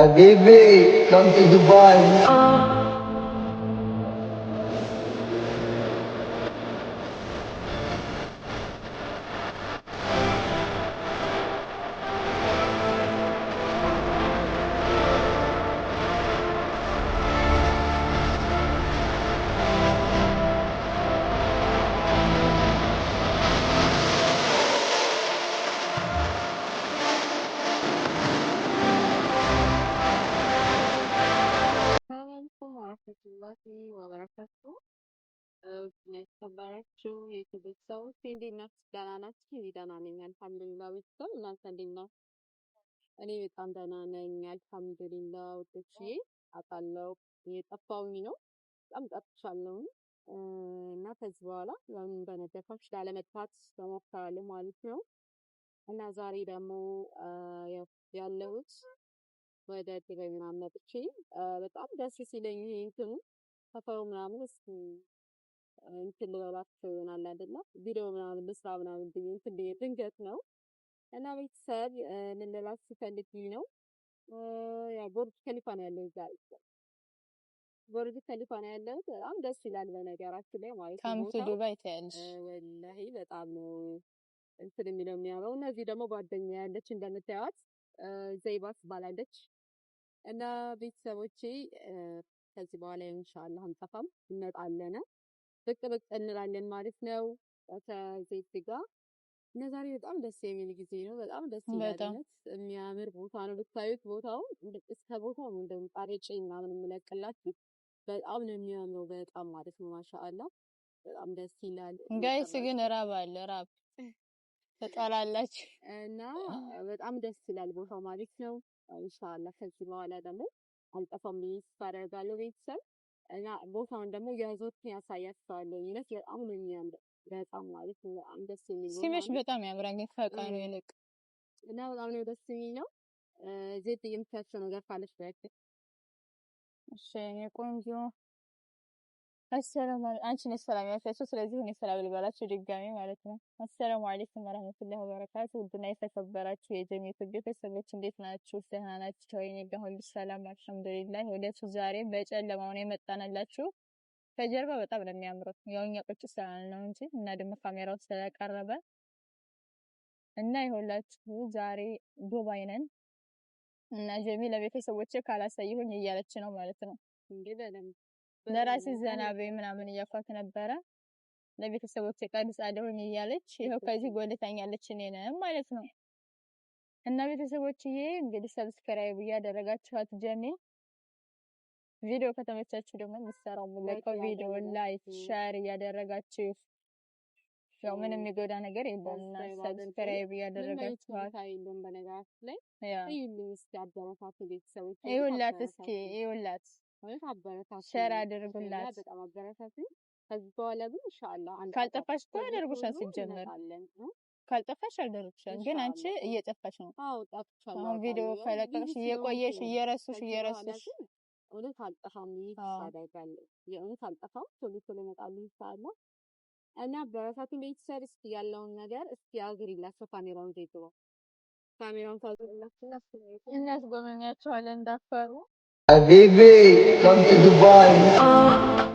Habibi, come to Dubai. Oh. ሰዎች የተከበራችሁ የኢትዮ ቤተሰቦች እንዴት ናችሁ? ደህና ናችሁ? እኔ ደህና ነኝ አልሐምዱሊላህ። ቤተሰብ እናንተ እንዴት ነው? እኔ በጣም ደህና ነኝ አልሐምዱሊላህ። ውዶቼ አውቃለሁ የጠፋሁኝ ነው፣ በጣም ጠፍቻለሁ እና ከዚህ በኋላ ለምን በነገፋች ላለመጥፋት እሞክራለሁ ማለት ነው እና ዛሬ ደግሞ ያለሁት ወደ ቴሌ ምናምን መጥቼ በጣም ደስ ሲለኝ ይህ እንትኑ ሰፈሩ ምናምን እንትን ልበላቸው ይሆናል አይደለ? ቪዲዮ ምናምን ልስራ ምናምን ብዬ እንትን ብዬ ድንገት ነው እና ቤተሰብ ልንላት ሲፈልግ ነው ያ ቦርጅ ከሊፋ ነው ያለው እዛ ቦርጅ ከሊፋ ነው ያለው። በጣም ደስ ይላል። በነገራችን ላይ ማለት ከምት ዱባይ ትያለሽ ወላሂ በጣም ነው እንትን የሚለው የሚያምረው። እነዚህ ደግሞ ጓደኛ ያለች እንደምታያት ዘይባ ትባላለች። እና ቤተሰቦቼ ከዚህ በኋላ ኢንሻአላህ አንጠፋም፣ እንመጣለን ብቅ ብቅ እንላለን ማለት ነው ከዜድ ጋር እና ዛሬ በጣም ደስ የሚል ጊዜ ነው። በጣም ደስ ይላልነት የሚያምር ቦታ ነው። ብታዩት ቦታው እስከ ቦታው ነው እንደም ጣሬጭ ምናምን የምለቅላችሁ በጣም ነው የሚያምረው። በጣም ማለት ነው ማሻአላ በጣም ደስ ይላል። ጋይስ ግን ራብ አለ ራብ ተጣላላችሁ እና በጣም ደስ ይላል ቦታው ማለት ነው። ኢንሻአላ ከዚህ በኋላ ደግሞ አልጠፋም ብዬ ተስፋ አደርጋለሁ ቤተሰብ እና ቦታውን ደግሞ የህዝቦችን ያሳያቸዋል። ይነት በጣም ነው የሚያምር። በጣም ማለት በጣም ደስ የሚል ሲመሽ በጣም ያምራ ግን ፈቃ ነው ይልቅ እና በጣም ነው ደስ የሚለው። ዜት የምታያቸው ነገር ካለች በያቸው እሺ የቆንጆ አሰላሙ አንቺ ነሽ ሰላም ያልሻቸው። ስለዚህ እኔ ሰላም ልበላችሁ ድጋሚ ማለት ነው። አሰላሙ አለይኩም ወራህመቱላሂ ወበረካቱ። ውድና የተከበራችሁ የጀሜቱ ቤተሰቦች እንዴት ናችሁ? ደህና ናችሁ? እኔ ጋር ሁሉ ሰላም አልሐምዱሊላህ። ወደቱ ዛሬ በጨለማ ሆነ የመጣንላችሁ። ከጀርባ በጣም ነው የሚያምረው። ያው እኛ ቁጭ ስላልን ነው እንጂ እና ደግሞ ካሜራው ስለቀረበ እና ይኸውላችሁ ዛሬ ዱባይ ነን እና ጀሚ ለቤተሰቦች ካላሳይሁኝ እያለች ነው ማለት ነው እንግዲህ ለራሴ ዘናቤ ምናምን እያልኳት ነበረ። ለቤተሰቦቼ ቀርጻለሁኝ እያለች ይኸው ከዚህ ጎልታኛለች እኔንም ማለት ነው። እና ቤተሰቦችዬ እንግዲህ ሰብስክራይብ እያደረጋችኋት ጀኒ ቪዲዮ ከተመቻችሁ ደግሞ የምትሰራው ሙለቀው ቪዲዮ ላይክ፣ ሼር እያደረጋችሁ ያው ምንም የሚጎዳ ነገር የለም እና ሰብስክራይብ እያደረጋችኋት ይሁላት እስኪ ይሁላት ማለት አበረታች ሸር አድርጉላት። በጣም አበረታችኝ። ከዚህ በኋላ ግን ኢንሻአላህ ካልጠፋሽ እኮ ያደርጉሻል። ሲጀመር ካልጠፋሽ አልደረግሻል። ግን አንቺ እየጠፋሽ ነው። አዎ ጠፍቻለሁ። አሁን ቪዲዮ ከለቀቅሽ እየቆየሽ እየረሱሽ እየረሱሽ እውነት አልጠፋም። ይህ ሳዳጋለ የእውነት አልጠፋም። ቶሎ ቶሎ ይመጣሉ ይሳሉ እና በራሳችን ቤተሰብ እስኪ ያለውን ነገር እስኪ አዙሪላቸው። ካሜራውን ዘይት ካሜራውን ታዙሪላችሁ እና ስለ እናስጎበኛቸዋለን እንዳፈሩ Habibi, come to Dubai. Ah.